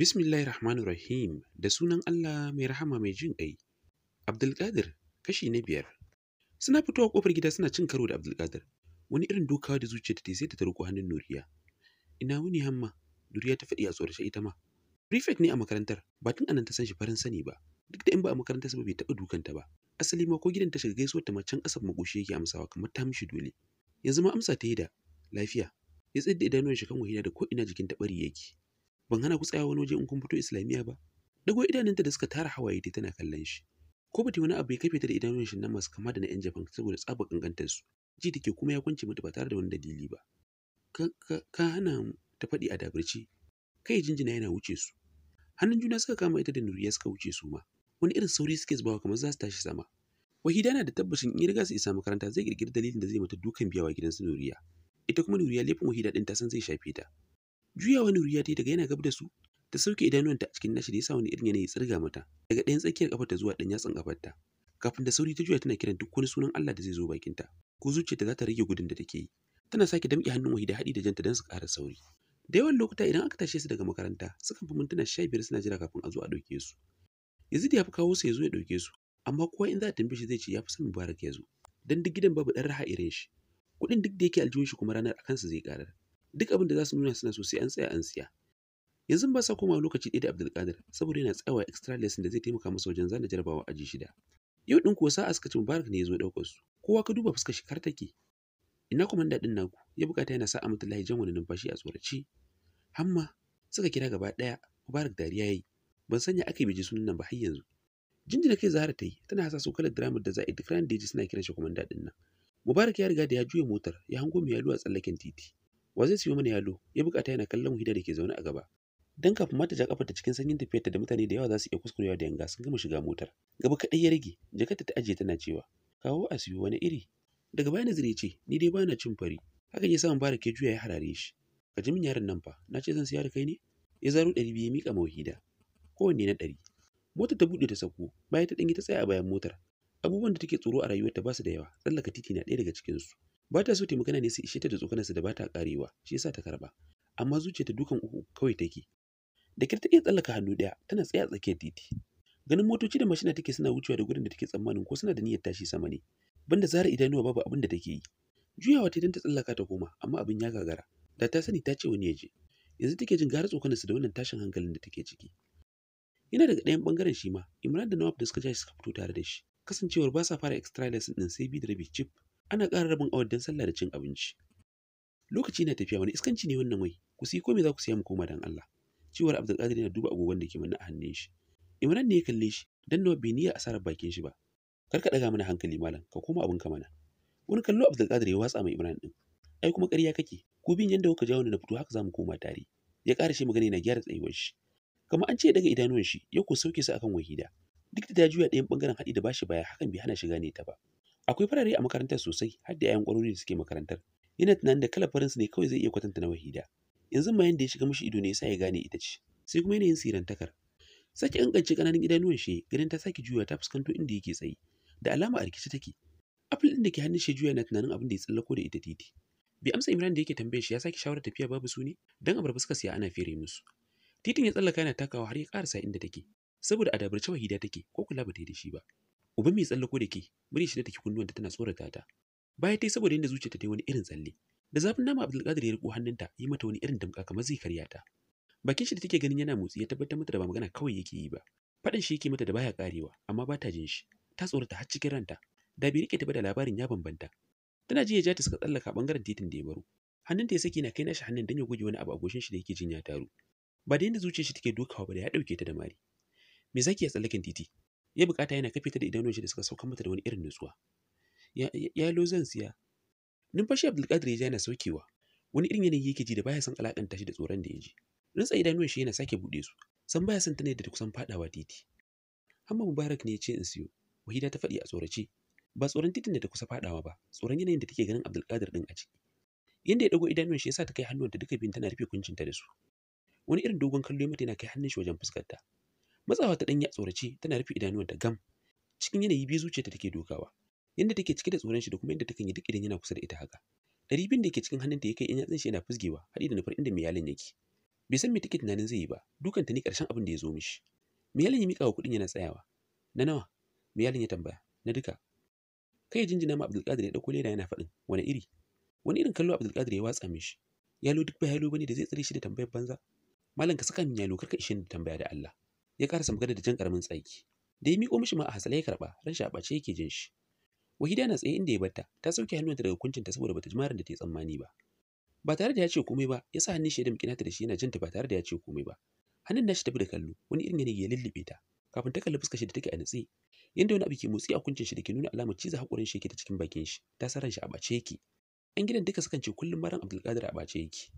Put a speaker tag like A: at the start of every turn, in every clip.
A: Bismillahir Rahmanir Rahim da sunan Allah mai rahama mai jin ƙai. Abdulkadir kashi na biyar. Suna fitowa kofar gida suna cin karo da Abdulkadir. Wani irin dukawa da zuciya ta sai ta tarko hannun Nuriya. Ina wuni hamma, Nuriya ta faɗi a tsorashe ita ma. Prefect ne a makarantar, ba tun anan ta san shi farin sani ba. Duk da in ba a makarantar ba bai taɓa dukanta ba, asali ma ko gidan ta shiga gaisuwar ta macen ƙasar makoshi yake amsawa kamar ta mishi dole yanzu ma amsa ta yi da lafiya ya tsidda idanuwan shi kan wahina da ko ina jikin ta bari yake ban hana ku tsayawa wani waje in kun fito islamiyya ba dago idanunta da suka tara hawaye dai tana kallon shi ko bata wani abu ya kafe ta da idanuwan shi nan masu kama da na yan japan saboda tsabar kankantar su ji take kuma ya kwance mata ba tare da wani dalili ba ka hana ta faɗi a dabirce kai jinjina yana wuce su hannun juna suka kama ita da nuriya suka wuce su ma wani irin sauri suke zubawa kamar za su tashi sama wahida na da tabbacin in ya riga su isa makaranta zai ƙirƙiri dalilin da zai mata dukan biyawa gidan su nuriya ita kuma nuriya laifin wahida din ta san zai shafe ta juyawa nuriya ta yi daga yana gab da su ta sauke idanuwanta a cikin nashi da yasa wani irin yanayi tsirga mata daga ɗayan tsakiyar kafarta zuwa ɗan yatsan kafarta kafin da sauri ta juya tana kiran duk wani sunan Allah da zai zo ta ko ta za ta rage gudun da take yi tana sake damƙe hannun wahida haɗi da janta don su ƙara sauri da yawan lokuta idan aka tashe su daga makaranta sukan fi mintuna sha biyar suna jira kafin a zo a ɗauke su Yazid ya fi kawo su ya zo ya ɗauke su, amma kowa in za a tambaye shi zai ce ya fi son Mubarak ya zo, don duk gidan babu ɗan raha irin shi. Kuɗin duk da yake aljihun shi kuma ranar akansa zai ƙarar. Duk abin da za su nuna suna so sai an tsaya an siya. Yanzu ba sa komawa lokaci ɗaya da Abdulkadir saboda yana tsayawa extra lesson da zai taimaka masa wajen zana jarabawa aji shida. Yau ɗin kuwa sa'a suka ce Mubarak ne ya zo ɗaukar su. Kowa ka duba fuskar shi kar take. Ina kwamanda ɗin naku ya bukata yana sa Amatullahi jan wani numfashi a tsorace. Hamma suka kira gaba ɗaya Mubarak dariya ya yi ban sanya aka bai ji sunan nan ba har yanzu jinjina kai zahara ta yi tana hasa su kalar da za a yi duk ranar da ya ji suna kiran shi kuma daɗin nan mubarak ya riga da ya juya motar ya hango mai yalo a tsallaken titi wa zai siyo mana yalo ya bukata yana kallon hida da ke zaune a gaba dan kafin mata ja kafarta cikin sanyin tafiyarta da mutane da yawa za su iya kuskurewa da yanga sun gama shiga motar gaba kaɗai ya rage jakarta ta ajiye tana cewa kawo a siyo wani iri daga baya nazari ya ce ni dai bana cin fari haka ya sa mubarak ya juya ya harare shi ka ji min yaron nan fa na ce zan siyar da kai ne ya zaro ɗari biyu ya miƙa kowanne na ɗari. Motar ta buɗe ta sauko bayan ta ɗanyi ta tsaya a bayan motar. Abubuwan da take tsoro a rayuwarta ba su da yawa tsallaka titi na ɗaya daga cikinsu. Ba ta so ta magana ne su ishe ta da tsokanarsa da ba ta ƙarewa shi yasa ta karɓa. Amma zuciyarta dukan uku kawai take. Da kyar ta iya tsallaka hannu ɗaya tana tsaye a tsakiyar titi. Ganin motoci da mashina take suna wucewa da gurin da take tsammanin ko suna da niyyar tashi sama ne. Banda zara idanuwa babu abin da take yi. Juyawa ta idan ta tsallaka ta koma amma abin ya gagara. Da ta sani ta ce wani ya je. Yanzu take jin gara tsokanarsa da wannan tashin hankalin da take ciki. yana daga ɗayan ɓangaren shi ma imran da nawab da suka jashi suka fito tare da shi kasancewar ba sa fara extra lesson ɗin sai bi da rabi chip ana ƙara rabin awar don sallah da cin abinci lokaci na tafiya wani iskanci ne wannan wai ku siyi komai za ku siya mu koma dan Allah cewar Abdulkadir yana duba agogon da ke manne a hannun shi Imran ne ya kalle shi dan nawa bai niyya asarar bakin shi ba kar ka daga mana hankali malam ka koma abin ka mana wani kallo Abdulkadir ya watsa mai Imran din ai kuma ƙarya kake ku bin yanda kuka jawo ni na fito haka zamu koma tare ya ƙara shi magana yana gyara tsayuwar shi kamar an ce daga idanuwan shi ya ku sauke su akan wahida duk da ta juya ɗayan bangaren haɗi da bashi baya hakan bai hana shiga ne ta ba akwai farare a makarantar sosai har da 'ya'yan ƙwarori da suke makarantar yana tunanin da farin farinsu ne kawai zai iya kwatanta na wahida yanzu ma yanda ya shiga mishi ido ne sa ya gane ita ce sai kuma yanayin sirantakar sake ƙanƙance kananan idanuwan shi ganin ta sake juya ta fuskanto inda yake tsayi. da alama a rikici take apple ɗin da ke hannun shi juya na tunanin abin da ya tsallako da ita titi bai amsa imran da yake tambayar shi ya sake shawarar tafiya babu su ne dan abar fuskar ya ana fere musu titin ya tsallaka yana takawa har ya karasa inda take saboda a dabarci wahida take ko kula ba ta yi da shi ba Uba mai tsallako da ke murya shi da take ta tana tsorata ta baya ta yi saboda yadda zuciyarta ta yi wani irin tsalle da zafin nama abdulkadir ya riko hannunta yi mata wani irin damka kamar zai karya ta bakin shi da take ganin yana motsi ya tabbatar mata da ba magana kawai yake yi ba faɗin shi yake mata da baya karewa amma ba ta jin shi ta tsorata har cikin ranta da bai rike ta ba da labarin ya bambanta tana ji ya ja ta suka tsallaka bangaren titin da ya baro hannunta ya saki na kai shi hannun dan ya goge wani abu a goshin shi da yake jin ya taru ba da yadda zuciyar shi take dukawa ba da ya dauke ta da mari me zaki ya tsallaken titi ya bukata yana kafe ta da idanun shi da suka sauka mata da wani irin nutsuwa ya lo zan siya numfashi Abdulkadir ya yana saukewa wani irin yanayi yake ji da baya son alakanta shi da tsoron da ya ji rintsa idanun shi yana sake bude su san baya son ta ne da kusan fadawa titi amma Mubarak ne ya ce in siyo Wahida ta faɗi a tsorace ba tsoron titin da ta kusa fadawa ba tsoron yanayin da take ganin Abdulkadir din a ciki yanda ya dago idanun shi yasa ta kai hannuwanta duka biyun tana rufe kuncinta da su wani irin dogon kallo mata yana kai hannun shi wajen fuskar ta matsawa ta danya tsorace tana rufe ta gam cikin yanayi biyu zuciyarta take dokawa yadda take cike da tsoron shi da kuma yadda take yi duk idan yana kusa da ita haka ɗaribin da yake cikin hannunta ya kai in shi yana fusgewa haɗi da nufar inda miyalin yake bai san me take tunanin zai yi ba dukan ta ne ƙarshen abin da ya zo mishi miyalin ya miƙa wa kuɗin yana tsayawa na nawa miyalin ya tambaya na duka kai jinjina ma abdulkadir ya ɗauko leda yana faɗin wani iri wani irin kallo abdulkadir ya watsa mishi yalo duk ba yalo bane da zai tsare shi da tambayar banza malam ka saka min yalo karka ishin da tambaya da Allah ya karasa magana da jan karamin tsaki da ya miƙo mishi ma a hasala ya karba ran shi a ɓace yake jin shi wahida na tsaye inda ya batta ta sauke hannunta daga kuncinta saboda bata ji marin da ta yi tsammani ba ba tare da ya ce komai ba ya sa hannun shi ya damƙi nata da shi yana jinta ba tare da ya ce komai ba hannun nashi tafi da kallo wani irin yanayi ya lullube ta kafin ta kalli fuskar shi da take a nutse yanda wani abu ke motsi a kuncin shi da ke nuna alamar ciza haƙurin shi yake ta cikin bakin shi ta san shi a ɓace yake yan gidan duka sukan ce kullum maran abdulkadir a ɓace yake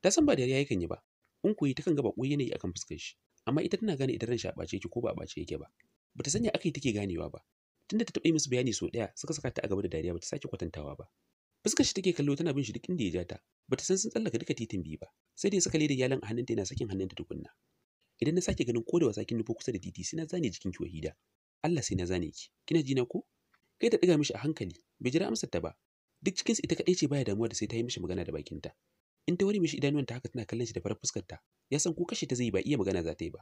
A: ta san ba da yi ba in koyi kan gaba bako yanayi akan fuskar shi amma ita tana gane idan ran shi a ɓace yake ko ba a ɓace yake ba bata sanya yi take ganewa ba tunda ta taɓa yi musu bayani sau ɗaya suka saka ta a gaba da dariya bata sake kwatantawa ba fuskar shi take kallo tana bin shi duk inda ya ja ta bata san sun tsallaka duka titin biyu ba sai dai suka leda yalan a hannunta yana sakin hannunta tukunna idan na sake ganin ko da wasakin nufo kusa da titi sai na zane jikin ki wahida Allah sai na zane ki kina ji na ko kai ta ɗiga mishi a hankali bai jira amsar ta ba duk cikinsu ita kaɗai ce baya damuwa da sai ta yi mishi magana da bakinta in ta ware mishi ta haka tana kallon shi da farar fuskar ta ya san ko kashe ta zai ba iya magana za ta yi ba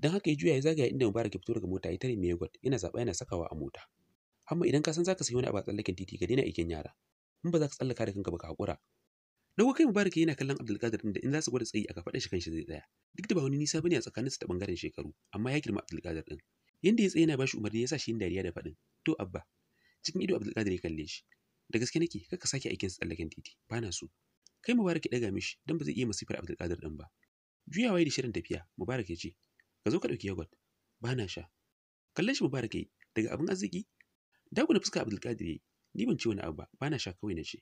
A: Don haka ya juya ya zagaya inda Mubarak ya fito daga mota ya tare mai yogurt yana zaba yana sakawa a mota Amma idan ka san zaka sayi wani abu a tsallaken titi ka daina aikin yara in ba za ka tsallaka da kanka ba ka hakura dago kai Mubarak yana kallon Abdulkadir din da in za su gwada tsayi aka faɗa shi kanshi zai tsaya duk da ba wani nisa bane a su ta bangaren shekaru amma ya girma Abdulkadir din yanda ya tsaya yana bashi umarni ya sa shi da faɗin to abba cikin ido Abdulkadir ya kalle shi da gaske nake kaka sake aikin tsallaken titi bana so kai mubarak ya daga mishi don ba zai iya masifar abdulkadir din ba juyawa da shirin tafiya mubarak ya ce ka zo ka ɗauki yogurt ba na sha kallon shi mubarak yi. daga abin arziki dagu na fuska abdulkadir yi. ni ban ci wani abu ba ba na sha kawai na ce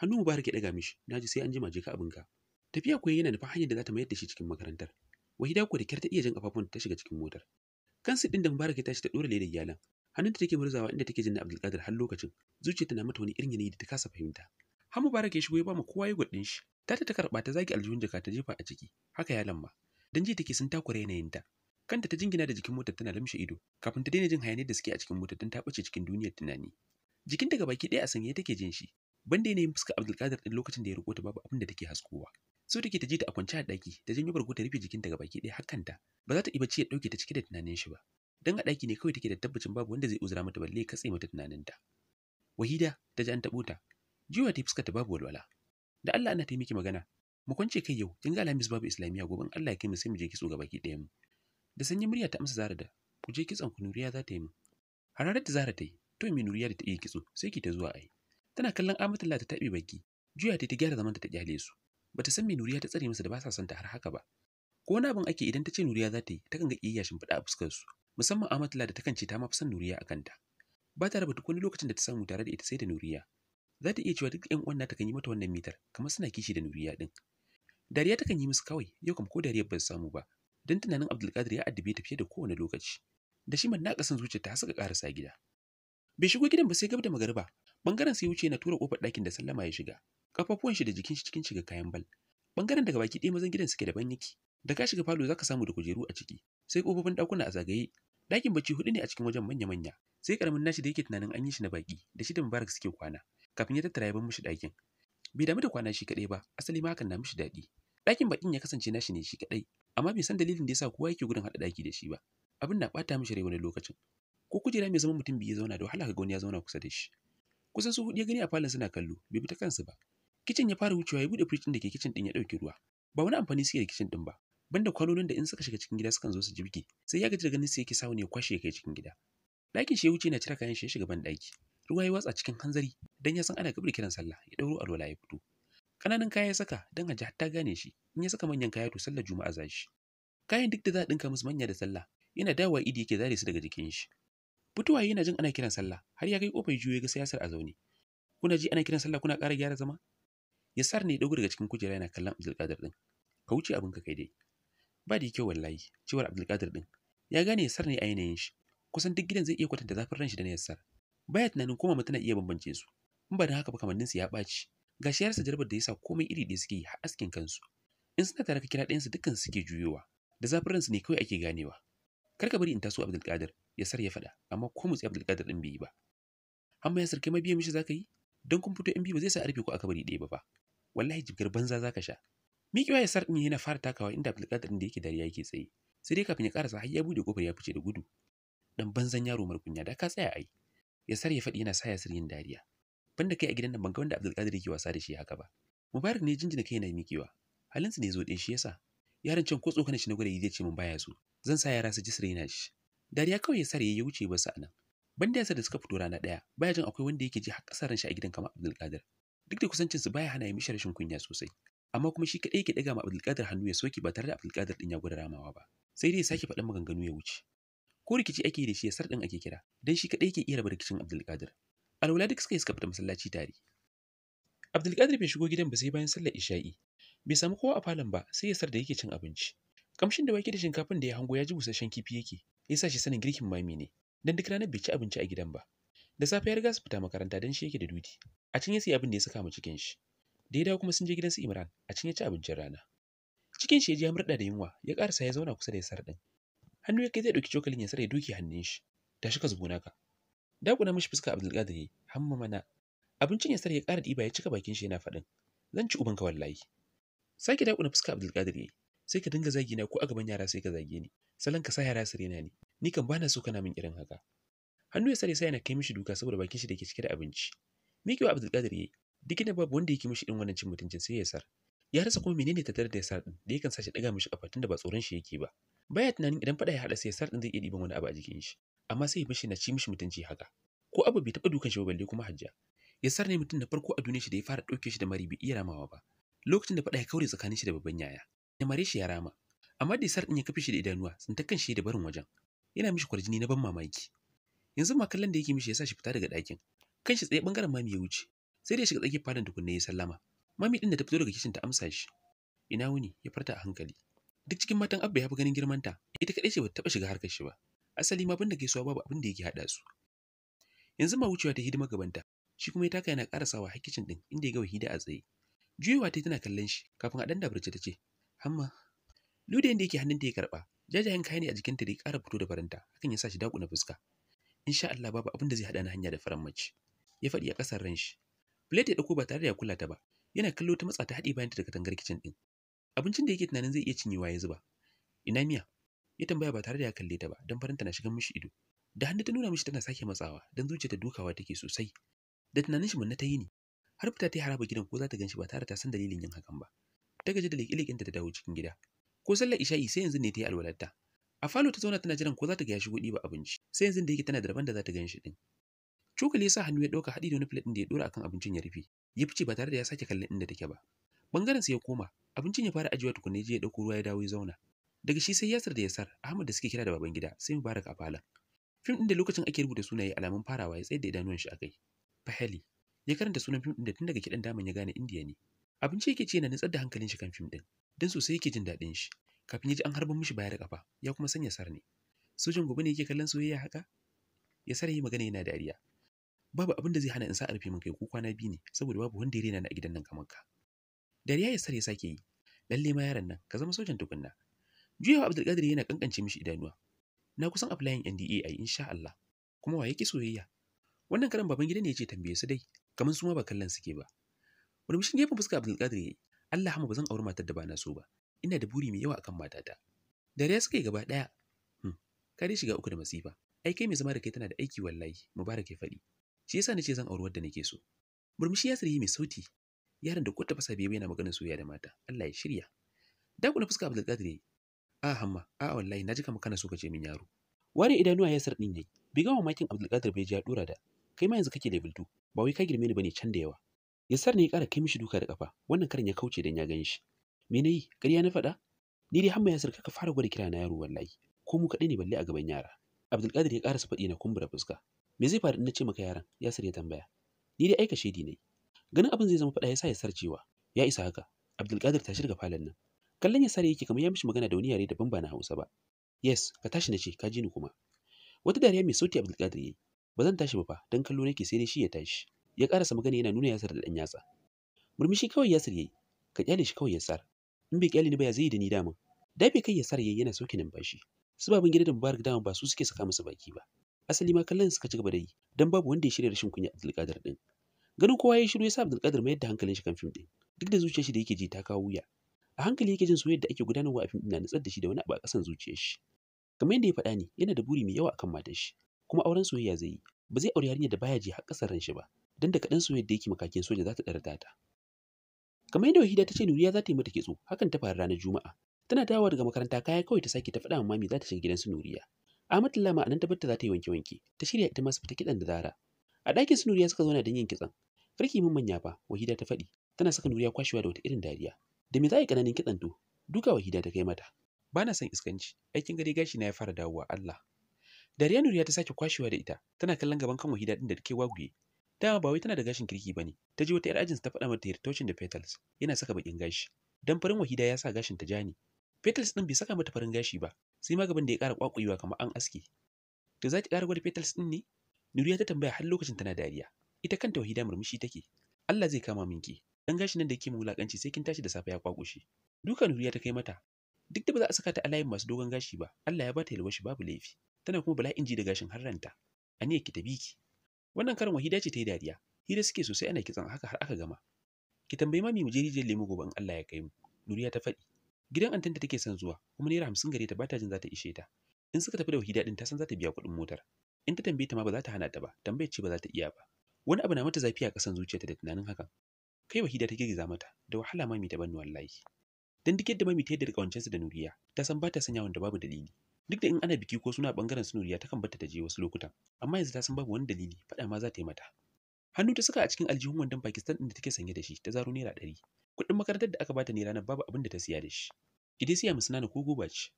A: hannu mubarak ya daga mishi na ji sai an jima je ka abinka tafiya kuwa yana nufin hanyar da za ta mayar da shi cikin makarantar wahida kuwa da kyar ta iya jan kafafun ta shiga cikin motar Kan kansu ɗin da mubarak ya tashi ta ɗora ledar iyalan hannunta take murzawa inda take jin na abdulkadir har lokacin zuciyarta na mata wani irin yanayi da ta kasa fahimta har mubarak ya shigo ya ba mu kowa ya ɗin shi ta ta karɓa ta zagi aljihun jaka ta jefa a ciki haka ya lamma dan ji take sun yanayin yanayinta kanta ta jingina da jikin motar tana lamshe ido kafin ta daina jin hayaniyar da suke a cikin motar don ta bace cikin duniyar tunani jikin ga baki ɗaya a sanye take jin shi banda yanayin fuska abdulkadir ɗin lokacin da ya roƙo ta babu abin da take haskowa so take ta ji ta a kwance a ɗaki ta janyo bargo ta rufe jikinta ga baki ɗaya hakanta ba za ta iya bacci ya ɗauke ta cike da tunanin shi ba dan a ɗaki ne kawai take da tabbacin babu wanda zai uzura mata balle ya katse mata ta wahida ta ji an taɓo ta jiwa ta fuskar ta babu walwala da Allah ana taimaki magana mu kwance kai yau kin ga Alhamis babu islamiya gobe Allah ya kai mu sai mu je kitso gabaki ɗaya mu da sanyi murya ta amsa Zara da ku je kitson ku Nuriya za ta yi mu hararar da Zara ta yi to me Nuriya da ta yi kitso sai ki ta zuwa ai tana kallon Amatullah ta tabe baki juya ta ta gyara zaman ta ta kyale su bata san me Nuriya ta tsare masa da ba sa son ta har haka ba ko wani abin ake idan ta ce Nuriya za ta yi takan ga iyayya shimfiɗa a fuskar su musamman Amatullah da ce ta ma fi son Nuriya a kanta ba ta rabu duk wani lokacin da ta samu tare da ita sai da Nuriya za ta iya cewa duk ƴan uwan nata kan yi mata wannan mitar kamar suna kishi da nuriya din dariya ta kan yi musu kawai yau kam ko dariya ba samu ba don tunanin abdulkadir ya addabe ta fiye da kowane lokaci da shi man naƙasan zuciya ta suka karasa gida bai shigo gidan ba sai gab da magariba bangaren sai wuce na tura kofar ɗakin da sallama ya shiga kafafuwan shi da jikin shi cikin shiga kayan bal bangaren daga baki ɗaya mazan gidan suke da banyaki da ka shiga falo zaka samu da kujeru a ciki sai kofofin ɗakuna a zagaye ɗakin bacci hudu ne a cikin wajen manya-manya sai karamin nashi da yake tunanin an yi shi na baki da shi da mubarak suke kwana kafin ya tattara ya bar mishi ɗakin. Bai damu da kwana shi kaɗai ba, asali ma hakan na mishi daɗi. Ɗakin baƙin ya kasance nashi ne shi kaɗai, amma bai san dalilin da ya sa kowa yake gudun haɗa ɗaki da shi ba. Abin na ɓata mishi rai wani lokacin. Ko kujera mai zama mutum biyu ya zauna da wahala ga wani ya zauna kusa da shi. Kusan su huɗu ya gani a falon suna kallo, bai bi ta kansu ba. Kicin ya fara wucewa ya buɗe firij ɗin da ke kicin ɗin ya ɗauki ruwa. Ba wani amfani suke da kicin ɗin ba, banda kwanonin da in suka shiga cikin gida sukan zo su jibge sai ya gaji da ganin su yake sawo ne kwashe kai cikin gida ɗakin shi ya wuce na cire kayan shi ya shiga ban ɗaki ruwa ya watsa cikin hanzari dan ya san ana gabar kiran sallah ya dauro alwala ya fito kananan kaya ya saka dan haji hatta gane shi in ya saka manyan kaya to sallar juma'a za shi kayan duk da za a dinka musu manya da sallah yana dawowa idi yake zare su daga jikin shi fitowa yana jin ana kiran sallah har ya kai kofar juyo ga siyasar a zaune kuna ji ana kiran sallah kuna ƙara gyara zama Ya sar ne ya dago daga cikin kujera yana kallon abdulkadir din ka wuce abin ka kai dai ba da kyau wallahi cewar abdulkadir din ya gane sar ne a yanayin shi kusan duk gidan zai iya kwatanta zafin ran shi da na yassar baya tunanin koma mutum na iya bambance su in ba da haka ba kamanninsu ya ɓaci gashi yarsa jarabar da ya sa komai iri ɗaya suke yi har askin kansu in suna tare ka kira ɗayansu dukkan suke juyowa da zafin ransu ne kawai ake ganewa kar ka bari in taso abdulkadir ya sar ya faɗa amma ko mutsi abdulkadir ɗin bai yi ba amma yasir kai mabiyan mishi ka yi don kun fito in biyu ba zai sa arfe ko aka bari ɗaya ba fa wallahi jibgar banza ka sha ya yasar ɗin yana fara takawa inda abdulkadir ɗin da yake dariya yake tsaye sai dai kafin ya karasa har ya bude kofar ya fice da gudu dan banzan yaro kunya da ka tsaya ai Yasar ya faɗi yana sa Yasir yin dariya. Banda kai a gidan nan ban ga wanda Abdulkadir yake wasa da shi haka ba. Mubarak ne jinjina kai yana mikewa. Halinsu ne zo ɗin shi yasa. Yaron can ko tsokanin shi na gure yaje ce min baya su. Zan sa yara su ji su shi. Dariya kawai ya sarya ya wuce ba sa nan. Banda yasa da suka fito rana daya baya jin akwai wanda yake ji har ƙasar shi a gidan kamar Abdulkadir. Duk da kusancin su baya hana ya mishi rashin kunya sosai. Amma kuma shi kadai yake daga ma Abdulkadir hannu ya soki ba tare da Abdulkadir din ya gwada ramawa ba. Sai dai ya sake faɗin maganganu ya wuce. ko rikici ake da shi ya sarɗin ake kira don shi kaɗai ke iya raba rikicin abdulkadir alwala duk suka yi suka fita masallaci tare abdulkadir bai shigo gidan ba sai bayan sallar isha'i bai samu kowa a falon ba sai ya sar da yake cin abinci kamshin da wake da shinkafin da ya hango ya ji busasshen kifi yake ya sa shi sanin girkin mami ne don duk ranar bai ci abinci a gidan ba da safe ya riga su fita makaranta don shi yake da duti a can ya sai abin da ya saka mu cikin shi da ya dawo kuma sun je gidan su imran a can ya ci abincin rana cikin shi ya ji ya murɗa da yunwa ya ƙarasa ya zauna kusa da ya sar ɗin hannu ya zai ɗauki cokalin ya sare duki hannun shi tashi ka zubuna ka dakuna mishi fuska abdulkadir ya hamma mana abincin ya sare ya ƙara ɗiba ya cika bakin shi yana faɗin zan ci ubanka wallahi sake dakuna fuska abdulkadir ya sai ka dinga zagi na ko a gaban yara sai ka zage ni salon ka sa yara sare na ni ni kan bana so kana min irin haka hannu ya sare sai yana kai mishi duka saboda bakin shi da ke cike da abinci mikewa abdulkadir ya duk da babu wanda yake mishi irin wannan cin mutuncin sai ya sar ya rasa kuma menene tattare da ya sar din da yakan sashi daga mishi kafa da ba tsoron shi yake ba baya tunanin idan faɗa ya haɗa sai sar zai iya ɗiban wani abu a jikin shi amma sai ya mishi na ci mishi mutunci haka ko abu bai taɓa dukan shi ba balle kuma hajja ya sar ne mutum na farko a duniya shi da ya fara ɗauke shi da mari bai iya ramawa ba lokacin da faɗa ya kaure tsakanin shi da babban yaya ya mare shi ya rama amma da sar ɗin ya kafe shi da idanuwa sun ta kan shi da barin wajen yana mishi kwarjini na ban mamaki yanzu ma kallon da yake mishi ya sa shi fita daga ɗakin kanshi tsaye bangaren mami ya wuce sai da ya shiga tsakiyar falon tukunna ya sallama mami ɗin da ta fito daga kicin ta amsa shi ina wuni ya farta a hankali duk cikin matan abba ya fi ganin girmanta ita kaɗai ce ba taɓa shiga harkar shi ba asali ma ke suwa babu abin da yake haɗa su yanzu ma wucewa ta hidima gabanta shi kuma ya taka yana sawa har kicin ɗin inda ya ga wahida a tsaye juyewa ta tana kallon shi kafin a ɗan dabarci ta ce hamma lude da yake hannunta ya karɓa jajayen kaya ne a jikinta da ya ƙara fito da faranta hakan ya sa shi daƙuna fuska insha Allah babu abin zai haɗa na hanya da faran mace ya faɗi a ƙasar ran shi ya ɗauko ba tare da ya kula ta ba yana kallo ta matsa ta haɗe bayan ta da tangar kicin ɗin abincin da yake tunanin zai iya cinyewa ya zuba ina miya ya tambaya ba tare da ya kalle ta ba don farinta na shigan mishi ido da hannu ta nuna mishi tana sake matsawa don zuciya ta dukawa take sosai da tunanin shi mun ta yi ne har fita ta yi haraba gidan ko za ta gan shi ba tare ta san dalilin yin hakan ba ta gaji da leƙe ta dawo cikin gida ko sallar isha'i sai yanzu ne ta yi alwalarta a falo ta zauna tana jiran ko za ta ga ya shigo ɗiba abinci sai yanzu da yake tana da rabon da za ta gan shi ɗin cokali ya sa hannu ya ɗauka haɗi da wani plate ɗin da ya ɗora akan abincin ya rufe ya fice ba tare da ya sake kallon inda take ba bangaren sai ya koma abincin ya fara ajiyewa tukunna je ya dauko ruwa ya dawo ya zauna daga shi sai Yasir da Yasar Ahmad da suke kira da baban gida sai Mubarak a falon fim ɗin da lokacin ake rubuta sunaye alamun farawa ya tsaye da idanuwan shi akai Fahali ya karanta sunan fim din da tun daga kidan daman ya gane Indiya ne abinci yake ce yana nutsar da hankalin shi kan fim ɗin. Don sosai yake jin daɗin shi kafin ya ji an harban mishi baya da kafa ya kuma sanya sar ne sojan gobe ne yake kallon soyayya haka ya sare yi magana yana dariya babu abin da zai hana in sa min kai ko kwana biyu ne saboda babu wanda ya rena na gidan nan kamar ka Dariya ya sare sake yi. Lalle ma yaron nan ka zama sojan tukunna. Juyawa Abdulkadir yana kankance mishi idanuwa. Na kusan applying NDA ai insha Allah. Kuma wa yake soyayya? Wannan karan baban gida ne yace tambaye su dai, kamar su ma ba kallon suke ba. Murmushin gefen fuska Abdulkadir yayi. Allah hamu ba zan auri matar da ba na so ba. Ina da buri mai yawa akan matata. Dariya suka yi gaba daya. Hmm. Ka dai shiga uku da masifa. Ai kai mai zama da kai tana da aiki wallahi, Mubarak ya faɗi. Shi yasa nace zan auri wadda nake so. Murmushi ya sirri mai sauti Yaran da ko fasa-bebe yana maganin soyayya da mata Allah ya shirya da ku fuska Abdul Qadir a hamma a wallahi naji kamar kana so ka ce min yaro ware idanuwa ya sardin yayi bi ga mamakin Abdul Qadir bai ja ya da kai ma yanzu kake level 2 ba wai ka girme ni bane can da yawa Yassar ne ya ƙara kai mishi duka da ƙafa, wannan karin ya kauce dan ya gan shi. Me na yi, ƙarya na faɗa? Ni dai hamma sarka kaka fara gwada kira yaro wallahi, ko mu kaɗai ne balle a gaban yara. Abdulkadir ya su faɗi na kumbura fuska. Me zai faru in na ce maka yaran? ya ya tambaya. Ni dai aika shaidi ne, ganin abin zai zama faɗa ya sa ya sarcewa ya isa haka abdulkadir ta shirga falon nan kallon ya sare yake kamar ya mishi magana da wani yare daban ba na hausa ba yes ka tashi na ce ka ji ni kuma wata dariya mai sauti abdulkadir yayi ba zan tashi ba fa dan kallo nake sai dai shi ya tashi ya karasa magana yana nuna yasar da dan yatsa murmushi kawai ya yayi ka kyale shi kawai yasar in bai kyale ni ba ya zai yi da ni dama bai kai yasar yayi yana sauke numfashi su babin gida da mubarak dama ba su suke saka masa baki ba asali ma kallon suka ci gaba da yi dan babu wanda ya shirya rashin kunya abdulkadir din gado kowa ya shiru ya sa Abdulkadir mai da hankalin shi kan fim din duk da zuciyar shi da yake ji ta kawo wuya a hankali yake jin soyayyar da ake gudanarwa a fim din na nutsar da shi da wani abu a kasan zuciyar shi kamar yadda ya faɗa ne yana da buri mai yawa akan matar shi kuma auren soyayya zai yi ba zai aure yarinyar da baya ji har kasar ran shi ba dan da kaɗan soyayya da yake makakin soja za ta ɗara ta kamar yadda wahida ta ce nuriya za ta yi mata kitso hakan ta faru ranar juma'a tana dawowa daga makaranta kaya kawai ta sake ta faɗa mami za ta shiga gidan su nuriya Ahmad Lama anan tabbata za ta yi wanke-wanke ta shirya ita masu fita kiɗan da Zara a ɗakin su nuriya suka zauna don yin kitsan, farki min manya fa wahida ta faɗi tana saka nuriya kwashewa da wata irin dariya da me za a yi ƙananin kitsan to duka wahida ta kai mata ba na son iskanci aikin gare gashi na ya fara dawowa Allah dariya nuriya ta sake kwashewa da ita tana kallon gaban kan wahida din da take waguye dama ba wai tana da gashin kirki bane ta ji wata yar ajinsa ta faɗa mata hirtocin da petals yana saka bakin gashi dan farin wahida ya sa gashin ta jani petals din bai saka mata farin gashi ba sai ma da ya kara kwakuyewa kamar an aske to za ki ƙara gwada petals din ne nuriya ta tambaya har lokacin tana dariya ita kan tauhida murmushi take Allah zai kama minki dan gashi nan da yake mu wulakanci sai kin tashi da safe ya kwakushe Duka Nuriya ta kai mata duk da ba za a saka ta a layin masu dogon gashi ba Allah ya bata yalwashi babu laifi tana kuma bala'in ji da gashin har ranta aniyar ki ta bi ki wannan karin wahida ce ta yi dariya hira suke sosai ana kitsan haka har aka gama ki tambayi mami mu je rijiyar lemu gobe in Allah ya kai mu Nuriya ta faɗi gidan antanta take son zuwa kuma naira hamsin gare ta bata jin za ta ishe ta in suka tafi da wahida din ta san za ta biya kuɗin motar in ta tambaye ta ma ba za ta hana ta ba tambayar ce ba za ta iya ba wani abu na mata zafi a ƙasan zuciyarta da tunanin hakan. kai wahida ta girgiza mata da wahala mami ta banni wallahi dan duk yadda mami ta yadda kawancensa da nuriya ta san ba ta sanya wanda babu dalili duk da in ana biki ko suna bangaren su nuriya takan bata ta je wasu lokutan amma yanzu ta san babu wani dalili faɗa ma za ta yi mata hannu ta saka a cikin aljihun wandon Pakistan din da take sanye da shi ta zaro naira ɗari kuɗin makarantar da aka bata ne ranar babu abin da ta siya da shi ki siya mu sunana ko goba ce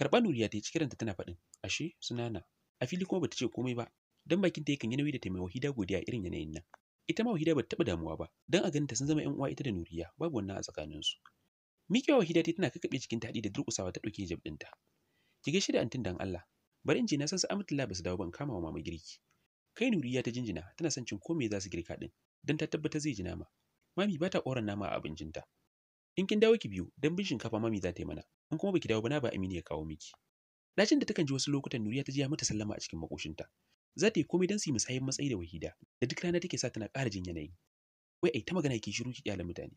A: karɓa nuriya ta yi cikiranta tana faɗin ashe sunana a fili kuma bata ce komai ba Don bakin ta yakan yi nauyi da taimawa Wahida godiya irin yanayin nan ita ma Wahida bata taɓa damuwa ba don a ganin ta sun zama ƴan uwa ita da Nuriya babu wannan a tsakanin su Mikiya Wahida ta tana kakkabe cikin ta haɗi da durƙusawa ta ɗauke jab ɗinta ki gaishe da antin dan Allah bari in je na san su ba su dawo ban kama wa mama girki kai Nuriya ta jinjina tana son cin ko me za su girka din don ta tabbatar zai ji nama mami ba ta ƙoran nama a abincinta in kin dawo ki biyu don bin shinkafa mami za ta yi mana in kuma baki dawo ba na ba Aminu ya kawo miki ɗacin da takan ji wasu lokutan Nuriya ta ji ya mata sallama a cikin makoshinta za ta yi komai don su yi musayin matsayi da wahida da duk rana take sa tana ƙara jin yanayi wai ai ta magana yake shiru ki kyale mutane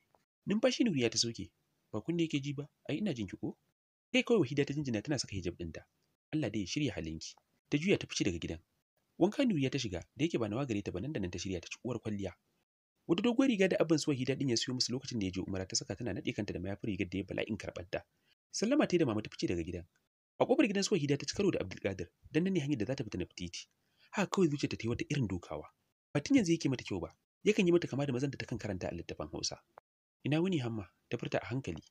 A: numfashi ne wuya ta soke ba kunne yake ji ba ai ina jin ki ko kai kawai wahida ta jinjina tana saka hijab ɗinta Allah dai ya shirya halinki ta juya ta fice daga gidan wanka nuriya ta shiga da yake ba nawa gare ta ba nan da nan ta shirya ta ci uwar kwalliya wata doguwar riga da abin su wahida din ya siyo musu lokacin da ya je umara ta saka tana nade kanta da mayafin rigar da ya bala'in karɓar ta sallama ta yi da mama ta fice daga gidan a ƙofar gidan su hida ta ci karo da abdulkadir dan nan ne hanyar da za ta fita na titi haka kawai zuciyarta ta yi wata irin dukawa ba tun yanzu yake mata kyau ba yakan yi mata kama da mazan da takan karanta a littafin Hausa ina wuni hamma ta furta a hankali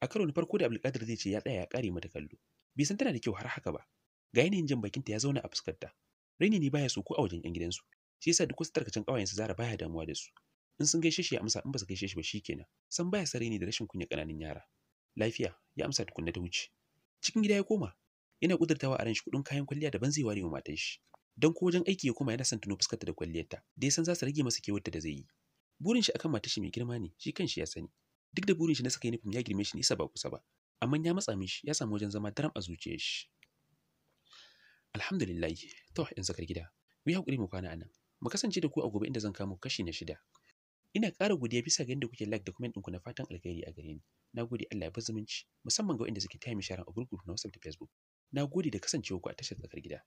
A: a karo na farko da Abdulkadir zai ce ya tsaya ya kare mata kallo bai san tana da kyau har haka ba ga yanayin jan bakinta ya zauna a fuskarta raini ne baya so ko a wajen yan gidansu shi yasa duk wasu tarkacen ƙawayensa Zara baya damuwa da su in sun gaishe shi ya amsa in ba su gaishe shi ba shikenan san baya sare ni da rashin kunya kananan yara lafiya ya amsa tukunna ta wuce cikin gida ya koma yana kudurtawa a ran kudin kayan kwalliya daban zai ware wa matan shi don ko wajen aiki ya koma yana son tuno fuskarta da kwalliyarta da ya san za su rage masa kewarta da zai yi burin shi akan matashi mai girma ne shi kanshi ya sani duk da burin shi na saka nufin ya girme shi nisa ba kusa ba amma ya matsa mishi ya samu wajen zama daram a zuciyar shi alhamdulillah to in sakar gida mu yi hakuri mu kwana anan mu kasance da ku a gobe inda zan kamo kashi na shida ina ƙara godiya bisa ga yadda kuke like da comment ɗinku na fatan alkhairi a gare ni na gode Allah ya bar zumunci musamman ga waɗanda suke taya mi sharan a gurguru na WhatsApp da Facebook na gode da kasancewa ku a tashar zakar gida